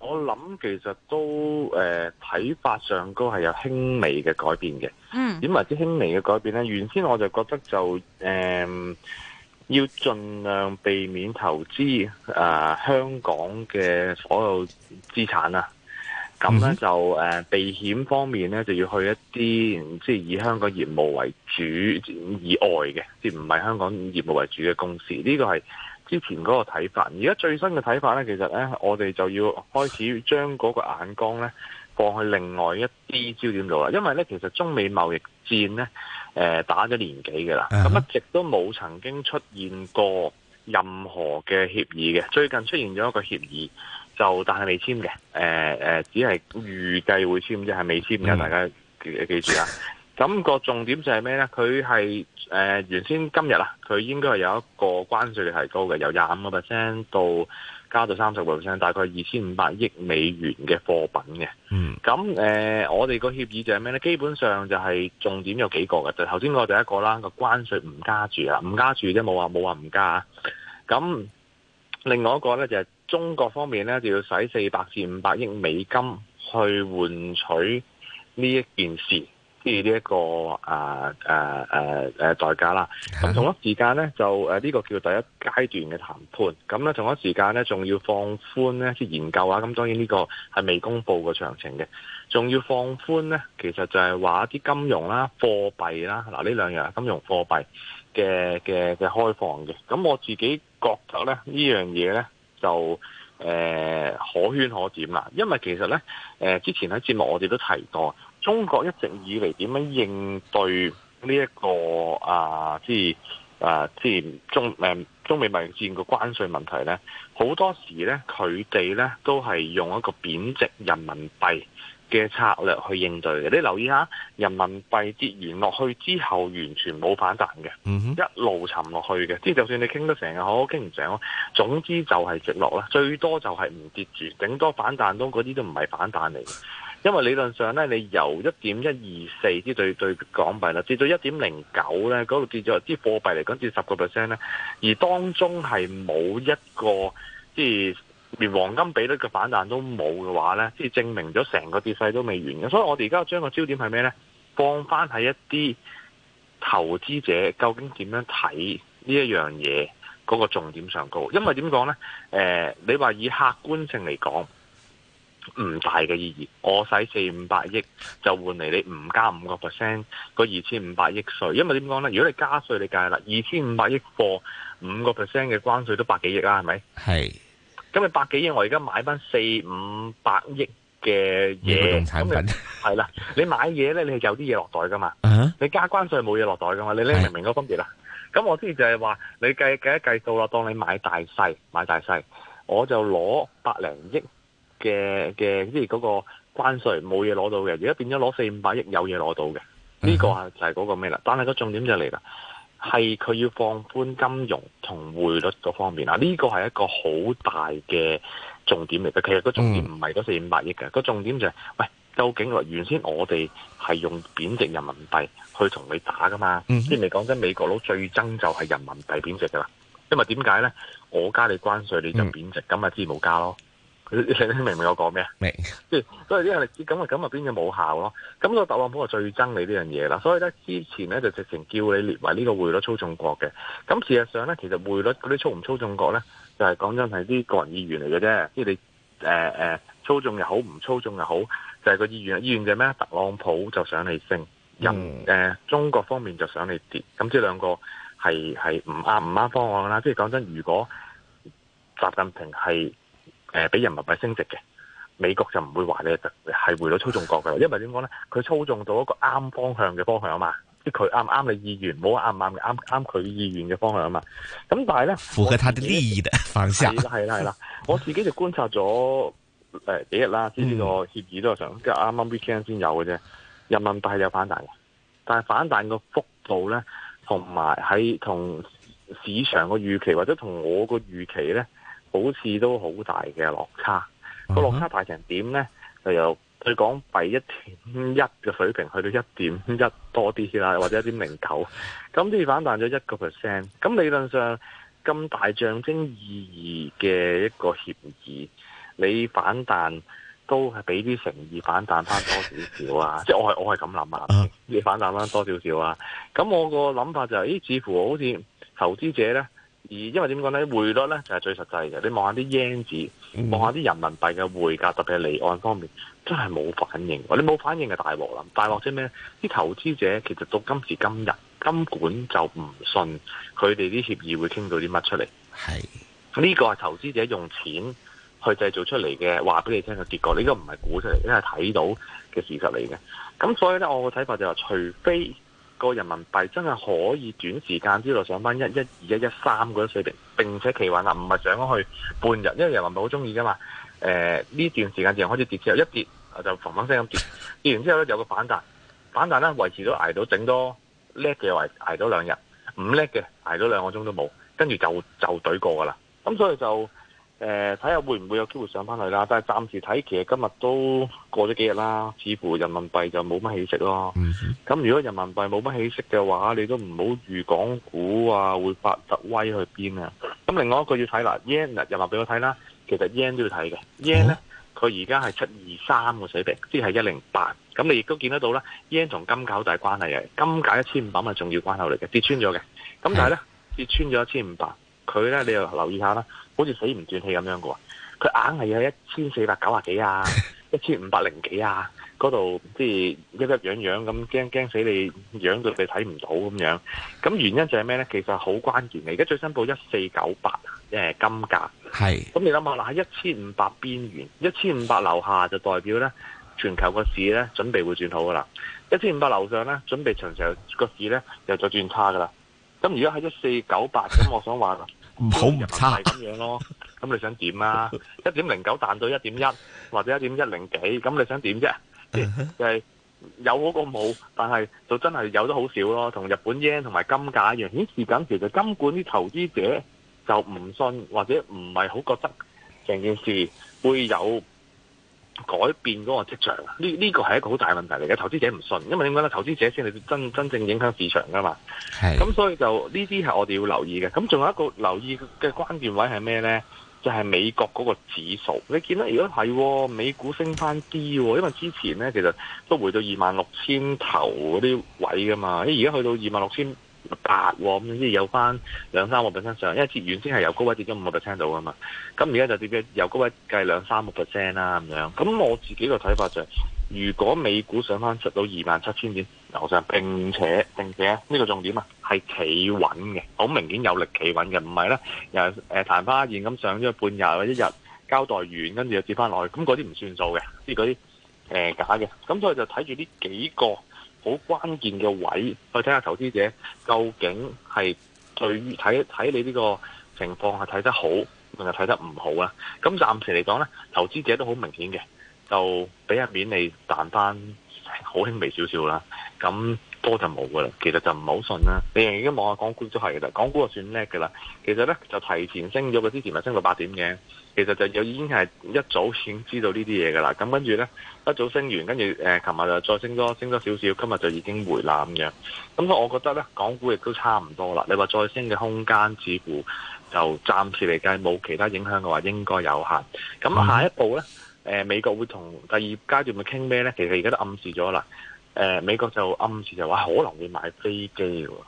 我諗其實都誒睇、呃、法上都係有輕微嘅改變嘅，點為之輕微嘅改變呢？原先我就覺得就誒、呃、要盡量避免投資誒、呃、香港嘅所有資產啦、啊。咁咧、嗯、就誒、呃、避險方面咧就要去一啲即係以香港業務為主以外嘅，即唔係香港業務為主嘅公司。呢、呢個係。之前嗰個睇法，而家最新嘅睇法呢，其實呢，我哋就要開始將嗰個眼光呢放去另外一啲焦點度啦。因為呢，其實中美貿易戰呢，誒、呃、打咗年幾㗎喇，咁一、uh huh. 直都冇曾經出現過任何嘅協議嘅。最近出現咗一個協議，就但係未簽嘅。誒、呃、誒、呃，只係預計會簽，即係未簽嘅，uh huh. 大家記記住啦。咁個重點就係咩呢？佢係誒原先今日啊，佢應該係有一個關稅嘅提高嘅，由廿五個 percent 到加到三十個 percent，大概二千五百億美元嘅貨品嘅。嗯，咁誒、呃，我哋個協議就係咩呢？基本上就係重點有幾個嘅，就頭先嗰個第一個啦，個關稅唔加住啦，唔加住啫，冇話冇話唔加。咁另外一個呢，就係、係、中國方面呢，就要使四百至五百億美金去換取呢一件事。啲、呢個呃呃呃、呢一個誒誒誒代價啦，咁同一時間咧就呢、呢個叫第一階段嘅談判，咁咧同一時間咧仲要放寬咧啲研究啊，咁當然呢個係未公布嘅詳情嘅，仲要放寬咧，其實就係話一啲金融啦、貨幣啦，嗱呢兩樣金融貨幣嘅嘅嘅開放嘅，咁我自己覺得咧呢樣嘢咧就誒、呃、可圈可點啦，因為其實咧誒之前喺節目我哋都提過。中國一直以嚟，點樣應對呢、這、一個啊，即係啊，即係中誒、啊、中美貿易戰嘅關稅問題咧，好多時咧佢哋咧都係用一個貶值人民幣嘅策略去應對嘅。你留意下，人民幣跌完落去之後，完全冇反彈嘅，一路沉落去嘅。即係就算你傾得成日好，傾唔成咯，總之就係直落啦。最多就係唔跌住，頂多反彈都嗰啲都唔係反彈嚟嘅。因為理論上咧，你由一點一二四之對對港幣啦，到一點零九咧，嗰度跌咗，啲貨幣嚟講至十個 percent 咧，而當中係冇一個，即係連黃金比率嘅反彈都冇嘅話咧，即係證明咗成個跌勢都未完嘅。所以我哋而家將個焦點係咩咧？放翻喺一啲投資者究竟點樣睇呢一樣嘢嗰、嗰個重點上高。因為點講咧？誒、呃，你話以客觀性嚟講。唔大嘅意義，我使四五百億就換嚟你唔加五個 percent 個二千五百億稅，因為點講咧？如果你加稅，你計啦，二千五百億貨五個 percent 嘅關稅都百幾億啦，係咪？係是，咁你百幾億我而家買翻四五百億嘅嘢嘅產品，係啦，你買嘢咧，你係有啲嘢落袋噶嘛？Uh huh? 你加關稅冇嘢落袋噶嘛？你咧明唔明個分別啊？咁是我之前就係話你計計一計數啦，當你買大細買大細，我就攞百零億。嘅嘅，即係嗰個關稅冇嘢攞到嘅，而家變咗攞四五百億有嘢攞到嘅，呢、呢個就係嗰個咩啦？但係個重點就嚟啦，係佢要放寬金融同匯率嗰方面啊！呢個係一個好大嘅重點嚟嘅。其實個重點唔係嗰四五百億嘅，個、mm hmm. 重點就係、係、喂，究竟原來原先我哋係用貶值人民幣去同你打噶嘛？即係你講緊，美國佬最憎就係人民幣貶值噶啦，因為點解咧？我加你關稅你就貶值，咁啊自然冇加咯。你明唔明我講咩啊？明白，即係所以歷史咁啊咁啊，邊度冇效咯？咁個特朗普就最憎你呢樣嘢啦。所以咧之前咧就直情叫你列為呢個匯率操縱國嘅。咁事實上咧，其實匯率嗰啲操唔操縱國咧，就係講真係啲個人意願嚟嘅啫。即係你誒誒、呃、操縱又好，唔操縱又好，就係個意願。意願就係咩？特朗普就想你升，任誒、嗯呃、中國方面就想你跌。咁即係兩個係係唔啱唔啱方案啦。即係講真，如果習近平係。誒，俾、呃、人民幣升值嘅美國就唔會話你係匯率操縱國噶啦，因為點講咧？佢操縱到一個啱方向嘅方向啊嘛，即係佢啱唔啱你意願，冇啱唔啱嘅，啱唔啱佢意願嘅方向啊嘛。咁但係咧，符合他的利益嘅方向係啦係啦，我自己就觀察咗誒、呃、幾日啦，先呢個協議都有上，即係啱啱 weekend 先有嘅啫，人民幣係有反彈嘅，但係反彈個幅度咧，同埋喺同市場嘅預期或者同我個預期咧。好似都好大嘅落差，個落差大成點呢？就由佢港幣一點一嘅水平去到 1. 1一點一多啲啦，或者一啲零頭，咁先反彈咗一個 percent。咁理論上咁大象徵意義嘅一個協議，你反彈都係俾啲誠意反彈翻多少少啊？即 我係我係咁諗啊，你反彈翻多少少啊？咁我個諗法就係、是，咦、哎？似乎好似投資者呢。而因為點講咧？匯率咧就係、是、最實際嘅。你望下啲英紙，望下啲人民幣嘅匯價，特別係離岸方面，真係冇反應。你冇反應嘅大鑊啦！大鑊即係咩？啲投資者其實到今時今日，根本就唔信佢哋啲協議會傾到啲乜出嚟。係呢是個係投資者用錢去製造出嚟嘅，話俾你聽嘅結果。呢、這個唔係估出嚟，因為睇到嘅事實嚟嘅。咁所以咧，我嘅睇法就係、是、除非。個人民幣真係可以短時間之內上返一一二一一三嗰啲水平，並且企穩啦，唔係上咗去半日，因為人民幣好中意㗎嘛。誒、呃、呢段時間就開始跌之後，一跌就砰砰聲咁跌，跌完之後咧就有個反彈，反彈咧維持咗捱到整多叻嘅維捱咗兩日，唔叻嘅捱咗兩個鐘都冇，跟住就就懟過㗎啦。咁所以就。誒，睇下會唔會有機會上翻去啦？但係暫時睇，其實今日都過咗幾日啦，似乎人民幣就冇乜起色咯。咁、mm hmm. 如果人民幣冇乜起色嘅話，你都唔好預港股啊會發得威去邊啊！咁另外一個要睇啦 yen 嗱又話俾我睇啦，其實 yen 都要睇嘅 yen 呢，佢而家係七二三個水平，即係一零八。咁你亦都見得到啦，yen 同金價好大關係嘅，金價一千五百係重要關口嚟嘅，跌穿咗嘅。咁但係呢，跌穿咗一千五百，佢呢，你又留意下啦。好似死唔斷氣咁樣噶，佢硬係有一千四百九啊幾啊，一千五百零幾啊，嗰度即係一忽癢癢咁驚驚死你，癢到你睇唔到咁樣。咁原因就係咩呢？其實好關鍵嘅。而家最新報一四九八，誒，金價係。咁是你諗下啦，喺一千五百邊緣，一千五百樓下就代表呢，全球個市呢，準備會轉好噶啦。一千五百樓上呢，準備長長個市呢，又再轉差噶啦。咁而家喺一四九八，咁我想話。 唔好唔差咁 樣咯，咁你想點啊？一點零九彈到一點一，或者一點一零幾，咁你想點啫、啊 uh huh. 欸？就係、是、有嗰個冇，但係就真係有得好少咯。同日本 yen 同埋金價一樣，顯示緊其實金管啲投資者就唔信，或者唔係好覺得成件事會有。改變嗰個職場，呢呢個係一個好大問題嚟嘅。投資者唔信，因為點講咧？投資者先係真真正影響市場噶嘛。係，咁所以就呢啲係我哋要留意嘅。咁仲有一個留意嘅關鍵位係咩咧？就係、是、美國嗰個指數。你見到如果係、哦、美股升翻啲、哦，因為之前咧其實都回到二萬六千頭嗰啲位噶嘛，而家去到二萬六千。八喎，咁即係有翻兩三個 percent 上，因為跌完先係由高位跌咗五個 percent 到噶嘛，咁而家就跌咗由高位計兩三個 percent 啦咁樣，咁、啊、我自己個睇法就係、是，如果美股上翻出到二萬七千點樓上，並且並且呢、這個重點啊係企穩嘅，好明顯有力企穩嘅，唔係咧又誒曇花一現，咁上咗去半日或者一日交代完，跟住又跌翻落去，咁嗰啲唔算數嘅，即係嗰啲誒假嘅，咁所以就睇住呢幾個。好關鍵嘅位，去睇下投資者究竟係對於睇睇你呢個情況係睇得好，定係睇得唔好啦？咁暫時嚟講呢，投資者都好明顯嘅，就俾一面你彈翻好輕微少少啦，咁。多就冇噶啦，其實就唔好信啦。你而家望下港股都係噶啦，港股就算叻噶啦。其實咧就提前升咗，佢之前咪升到八點嘅。其實就已經係一早已經知道呢啲嘢噶啦。咁跟住咧一早升完，跟住誒，琴、呃、日就再升多升多少少，今日就已經回啦咁樣。咁我我覺得咧，港股亦都差唔多啦。你話再升嘅空間，指數就暫時嚟計冇其他影響嘅話，應該有限。咁下一步咧，誒、呃，美國會同第二階段咪傾咩咧？其實而家都暗示咗啦。誒、呃，美國就暗示就話可能會買飛機，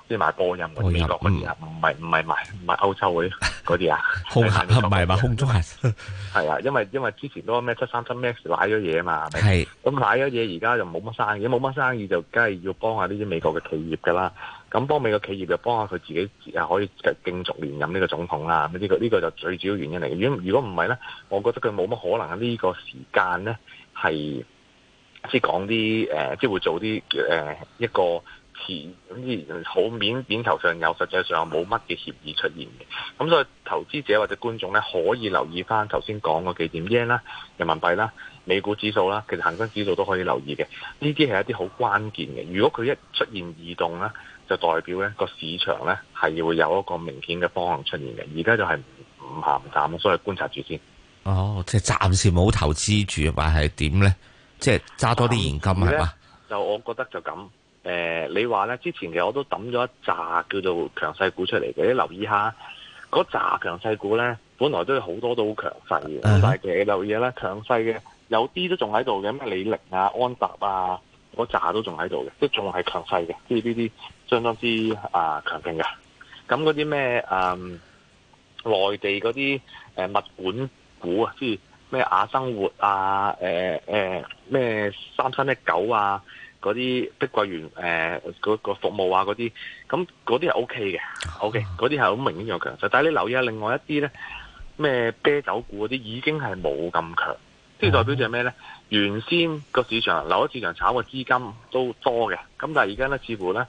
即係買波音嘅。 美國乜嘢？啊、嗯，唔係唔係買買歐洲會嗰啲啊，空中係嘛，空中係啊，因為因為之前嗰個咩七三七 max 買咗嘢嘛，係咁買咗嘢，而家、嗯、就冇乜生意，冇乜生意就梗係要幫下呢啲美國嘅企業噶啦，咁幫美國企業就幫下佢自己，係可以競逐連任呢個總統啦，呢、呢個呢、呢個就最主要原因嚟嘅。如果如果唔係咧，我覺得佢冇乜可能喺呢個時間咧係。是即係講啲誒，即係會做啲誒，一個詞好好面面頭上有，實際上又冇乜嘅協議出現嘅。咁所以投資者或者觀眾咧，可以留意翻頭先講嗰幾點，英啦、人民幣啦、美股指數啦，其實恒生指數都可以留意嘅。呢啲係一啲好關鍵嘅。如果佢一出現異動咧，就代表咧個市場咧係會有一個明顯嘅方向出現嘅。而家就係唔鹹唔淡，所以觀察住先。哦，即係暫時冇投資住，或係點咧？即係揸多啲現金係嘛，嗯、吧就我覺得就咁。誒、呃，你話咧之前嘅我都抌咗一紮叫做強勢股出嚟嘅，你留意下嗰紮強勢股咧，本來都有好多都好強勢嘅，uh huh. 但係其實留意咧強勢嘅有啲都仲喺度嘅，咩李寧啊、安踏啊，嗰扎都仲喺度嘅，都仲係強勢嘅，即係呢啲相當之啊、呃、強勁嘅。咁嗰啲咩誒內地嗰啲誒物管股啊，即、就、係、是。咩亞生活啊？誒誒咩三三一九啊？嗰啲碧桂園誒嗰、呃嗰個服務啊嗰啲，咁嗰啲係 O K 嘅，O K 嗰啲係好明顯有強勢。但係你留意下另外一啲咧，咩啤酒股嗰啲已經係冇咁強，即係代表就係咩咧？原先個市場留喺市場炒嘅資金都多嘅，咁但係而家咧似乎咧誒、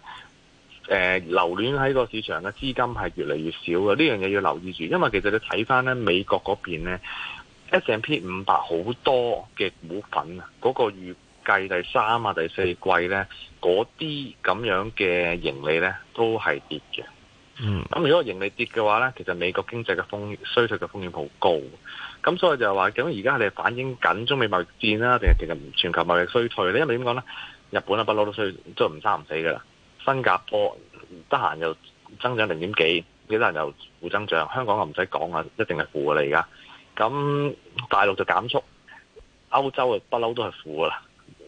呃、流亂喺個市場嘅資金係越嚟越少嘅。呢樣嘢要留意住，因為其實你睇翻咧美國嗰邊咧。S & P 五百好多嘅股份啊，嗰、嗰個預計第三啊第四季咧，嗰啲咁樣嘅盈利咧都係跌嘅。嗯，咁如果盈利跌嘅話咧，其實美國經濟嘅風衰退嘅風險好高。咁所以就係話，咁而家你係反映緊中美貿易戰啦，定係其實全球貿易衰退咧？因為點講咧？日本啊，不嬲都衰，都唔生唔死噶啦。新加坡得閒又增長零點幾，幾多人又負增長？香港又唔使講啊，一定係負噶啦而家。咁大陸就減速，歐洲啊不嬲都係負啦，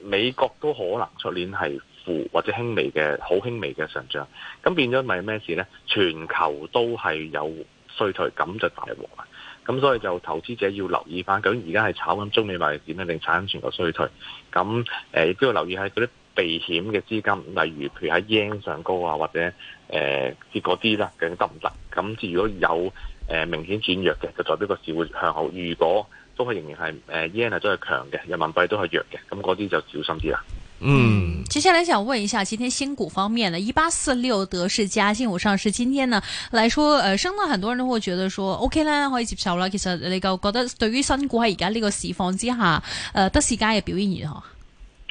美國都可能出年係負或者輕微嘅好輕微嘅上漲，咁變咗咪咩事呢？全球都係有衰退，咁就大鑊啦。咁所以就投資者要留意翻，究竟而家係炒緊中美貿易點樣，定炒緊全球衰退？咁誒亦都要留意喺嗰啲避險嘅資金，例如譬如喺英上高啊，或者誒啲嗰啲啦，究竟得唔得？咁至如果有。誒、呃，明顯轉弱嘅，就代表個市會向好。如果都係仍然係誒，yen 都係強嘅，人民幣都係弱嘅，咁嗰啲就小心啲啦。嗯，接下來想問一下，今天新股方面呢一八四六德視佳新股上市，今天呢來說，誒升到，很多人都會覺得說 OK 啦，可以接受啦。其實你就覺得對於新股喺而家呢個市況之下，誒、呃、德視佳嘅表現如何？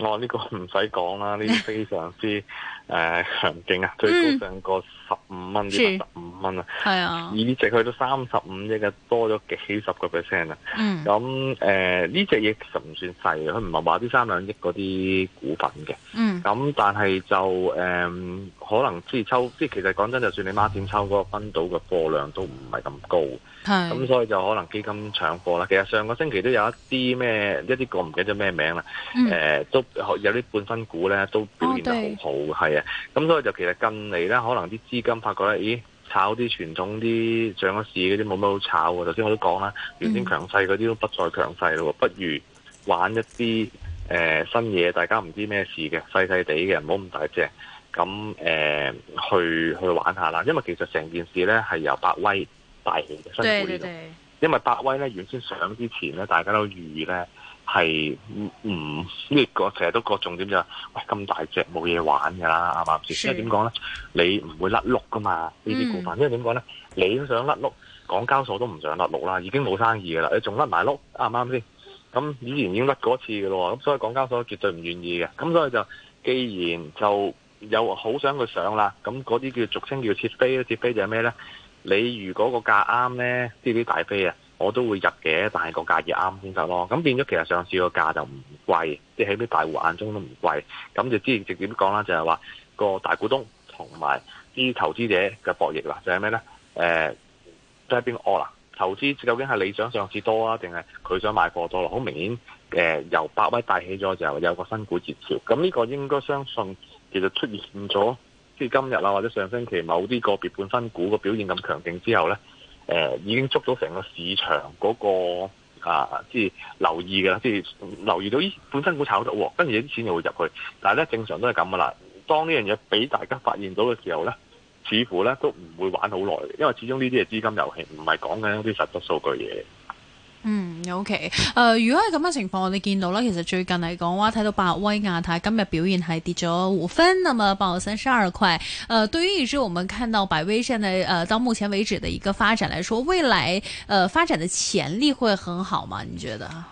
我呢、哦這個唔使講啦，呢、這個、非常之。 誒，強勁、呃、啊！最高上過十五蚊，二百十五蚊啊！係啊，而呢隻去到三十五億嘅，多咗幾十個 percent 啦、啊。嗯，咁誒呢隻嘢其實唔算細，佢唔係話啲三兩億嗰啲股份嘅。嗯、咁、啊、但係就誒、呃，可能即係抽即係其實講真，就算你孖展抽嗰個分到嘅貨量都唔係咁高。咁是所以就可能基金搶貨啦。其實上個星期都有一啲咩，一啲個唔記得咩名啦。誒、嗯呃，都有啲半分股咧，都表現得好好，係、哦。咁所以就其實近嚟咧，可能啲資金發覺咧，咦，炒啲傳統啲上咗市嗰啲冇乜好炒喎。頭先我都講啦，原先強勢嗰啲都不再強勢咯，不如玩一啲誒、呃、新嘢，大家唔知咩事嘅細細地嘅，唔好咁大隻，咁誒、呃、去去玩一下啦。因為其實成件事咧係由百威帶嚟嘅，辛苦呢度，因為百威咧原先上之前咧，大家都預咧。係唔唔咩？成日都各重點就係、喂咁大隻冇嘢玩噶啦，啱唔啱先？因為點講咧，你唔會甩碌噶嘛？呢啲股份，因為點講咧，你想甩碌，港交所都唔想甩碌啦，已經冇生意噶啦，你仲甩埋碌啱唔啱先？咁以前已經甩嗰次噶啦，咁所以港交所絕對唔願意嘅。咁所以就既然就有好想佢上啦，咁嗰啲叫俗稱叫切飛咧，切飛就係咩咧？你如果個價啱咧，呢啲大飛啊！我都會入嘅，但係個價要啱先得咯。咁變咗其實上市個價就唔貴，即係喺啲大戶眼中都唔貴。咁就之前直接點講啦，就係話個大股東同埋啲投資者嘅博弈啦，就係咩呢？誒，都係邊個哦啊？投資究竟係你想上市多啊，定係佢想買貨多啦？好明顯，誒，由百威帶起咗，就有個新股熱潮。咁呢個應該相信其實出現咗，即係今日啊，或者上星期某啲個別半新股嘅表現咁強勁之後呢。誒、嗯、已經捉咗成個市場嗰，那個啊，即係留意㗎啦，即係留意到依本身股炒到喎，跟住有啲錢又會入去。但係咧，正常都係咁噶啦，當呢樣嘢俾大家發現到嘅時候咧，似乎咧都唔會玩好耐，因為始終呢啲係資金遊戲，唔係講緊一啲實質數據嘢。嗯，OK，誒，如果係咁嘅情況，我哋見到啦，其實最近嚟講話，睇到百威亞太今日表現係跌咗五分，那麼，報三十二塊。誒、呃，對於以至我們看到百威現在誒、呃、到目前為止嘅一個發展來說，未來誒、呃、發展嘅潛力會很好嗎？你覺得啊？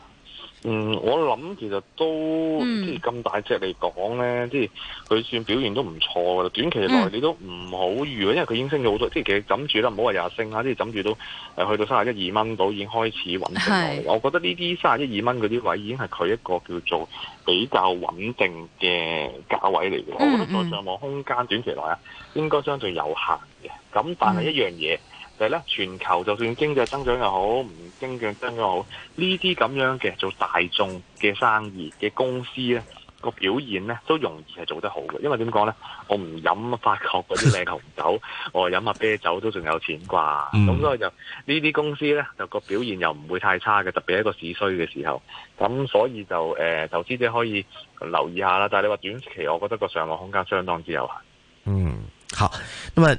嗯，我諗其實都即係咁大隻嚟講咧，即係佢、嗯、算表現都唔錯噶。短期內你都唔好預，因為佢已經升咗好多。即係其實枕住啦，唔好話廿升啊，即係枕住都誒去到卅一二蚊到，已經開始穩定了。我是我覺得呢啲卅一二蚊嗰啲位已經係佢一個叫做比較穩定嘅價位嚟嘅。嗯嗯我覺得再上望空間短期內啊，應該相對有限嘅。咁但係一樣嘢。嗯嗯係咧，全球就算經濟增長又好，唔經濟增長又好，呢啲咁樣嘅做大眾嘅生意嘅公司咧，個表現咧都容易係做得好嘅，因為點講咧？我唔飲法國嗰啲靚紅酒， 我飲下啤酒都仲有錢啩。咁、嗯、所以就呢啲公司咧，就個表現又唔會太差嘅，特別係個市衰嘅時候。咁所以就誒，投資者可以留意下啦。但係你話短期，我覺得個上落空間相當之有限。嗯，好，咁啊。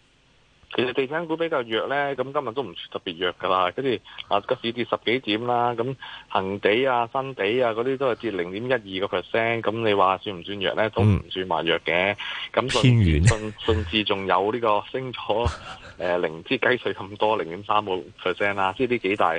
其實地產股比較弱咧，咁今日都唔算特別弱噶啦，跟住啊個市跌十幾點啦，咁恒地啊、新地啊嗰啲都係跌零點一二個 percent，咁你話算唔算弱咧？都唔算話弱嘅。咁、嗯，甚至仲有呢個升咗誒、呃、零之雞碎咁多零點三個 percent 啦，即係呢幾大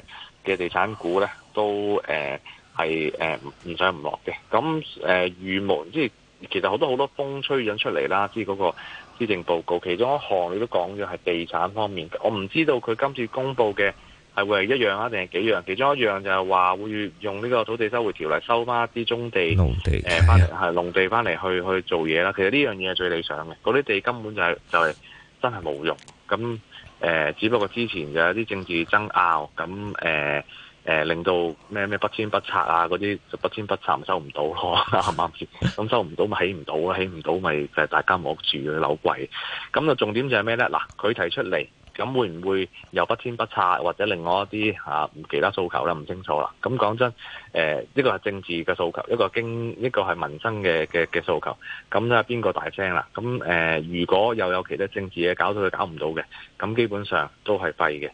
嘅地產股咧都誒係誒唔上唔落嘅。咁誒預門，即係其實好多好多風吹引出嚟啦，即係嗰個。施政報告其中一行你都講咗係地產方面，我唔知道佢今次公布嘅係會係一樣啊，定係幾樣？其中一樣就係話會用呢個土地收回條例收翻一啲棕地，農地誒翻嚟係農地翻嚟去去做嘢啦。其實呢樣嘢係最理想嘅，嗰啲地根本就係就係真係冇用。咁誒，只不過之前有一啲政治爭拗，咁誒。誒、呃、令到咩咩不遷不拆啊，嗰啲就不遷不拆唔收唔到咯，啱啱先？咁收唔到咪起唔到起唔到咪就係大家冇屋住嘅樓貴。咁啊重點就係咩咧？嗱，佢提出嚟咁會唔會又不遷不拆或者另外一啲嚇、啊、其他訴求啦唔清楚啦。咁講真，誒、呃、呢個係政治嘅訴求，一個係經一個係民生嘅嘅嘅訴求。咁係邊個大聲啦？咁誒、呃、如果又有其他政治嘢搞到佢搞唔到嘅，咁基本上都係廢嘅。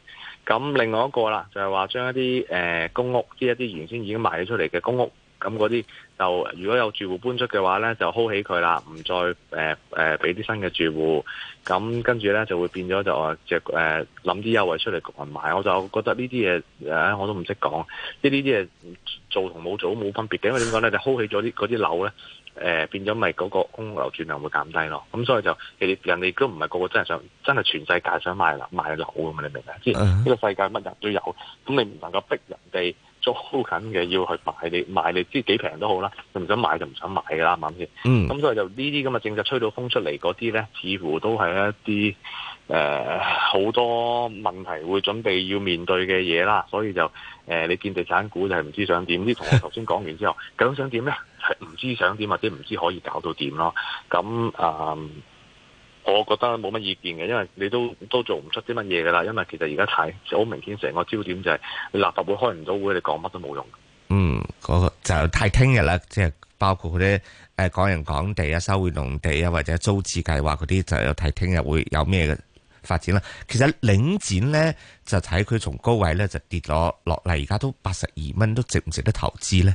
咁另外一個啦，就係、是、話將一啲誒、呃、公屋，即係一啲原先已經賣咗出嚟嘅公屋，咁嗰啲就如果有住戶搬出嘅話呢，就 hold 起佢啦，唔再誒俾啲新嘅住戶。咁跟住呢，就會變咗就話諗啲優惠出嚟焗人買。我就覺得呢啲嘢啊，我都唔識講。即係呢啲嘢做同冇做冇分別嘅，因為點講呢？就 hold 起咗啲嗰啲樓呢。誒、呃、變咗咪嗰個供流轉量會減低咯，咁、嗯、所以就人哋人哋都唔係個個真係想，真係全世界想買樓買樓咁啊！你明唔明？即係呢個世界乜人都有，咁、嗯、你唔能夠逼人哋租緊嘅要去買你買你，即係幾平都好啦，你唔想買就唔想買噶啦，啱唔啱先？咁、uh huh. 嗯、所以就呢啲咁嘅政策吹到風出嚟嗰啲咧，似乎都係一啲。誒，好、呃、多問題會準備要面對嘅嘢啦，所以就誒、呃，你見地產股就係唔知道想點。啲同我頭先講完之後，究竟 想點呢？係唔知道想點或者唔知道可以搞到點咯？咁啊、呃，我覺得冇乜意見嘅，因為你都都做唔出啲乜嘢噶啦。因為其實而家睇好明顯，成個焦點就係、是、立法會開唔到會，你講乜都冇用。嗯，嗰、那個、就睇聽日啦，即係包括嗰啲誒，港人港地啊，收回農地啊，或者租置計劃嗰啲，就有睇聽日會有咩嘅。發展啦，其實領展咧就睇佢從高位咧就跌咗落嚟，而家都八十二蚊都值唔值得投資咧？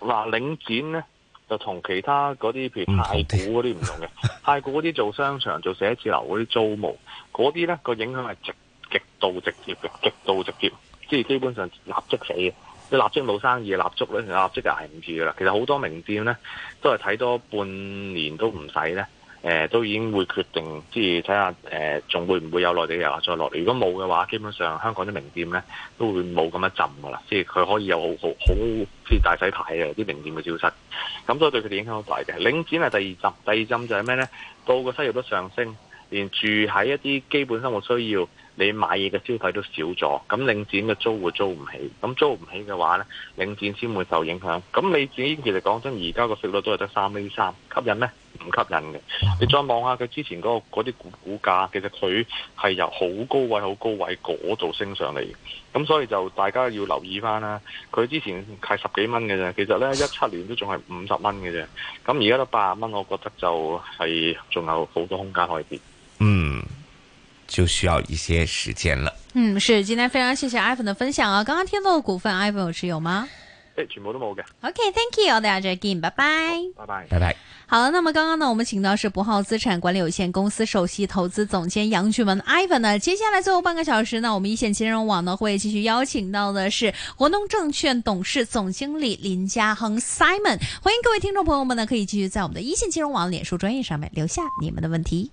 嗱，領展咧就同其他嗰啲譬如太古嗰啲唔同嘅，太古嗰啲做商場、 做寫字樓嗰啲租務嗰啲咧，個影響係極極度直接嘅，極度直接，即係基本上立即死嘅，即立即冇生意，立即咧，立即就捱唔住噶啦。其實好多名店咧都係睇多半年都唔使咧。誒都已經會決定，即係睇下誒，仲、呃、會唔會有內地遊客再落嚟？如果冇嘅話，基本上香港啲名店咧都會冇咁樣浸噶啦。即係佢可以有好好好啲大洗牌嘅啲名店嘅消失。咁所以對佢哋影響好大嘅。領展係第二浸，第二浸就係咩咧？到個失業都上升，連住喺一啲基本生活需要，你買嘢嘅消費都少咗。咁領展嘅租會租唔起，咁租唔起嘅話咧，領展先會受影響。咁你自己其實講真，而家個息率都係得三厘三，吸引咩？唔吸引嘅，你再望下佢之前嗰個啲股股價，其實佢係由好高位好高位嗰度升上嚟，咁所以就大家要留意翻啦。佢之前係十幾蚊嘅啫，其實咧一七年都仲係五十蚊嘅啫，咁而家都八十蚊，我覺得就係仲有好多空間可以跌。嗯，就需要一些時間了。嗯，是，今天非常謝謝 Ivan 嘅分享啊！剛剛聽到嘅股份，Ivan 有持有嗎？誒，全部都冇嘅。OK，thank you，我哋下次再見，拜拜。拜拜，oh,，拜拜 bye。好，那麼剛剛呢，我們請到是博浩資產管理有限公司首席投資總監楊俊文 Ivan 呢。接下來最後半個小時呢，我們一線金融網呢會繼續邀請到的是國農證券董事總經理林家亨 Simon。歡迎各位聽眾朋友們呢，可以繼續在我們的一線金融網臉書專頁上面留下你們的問題。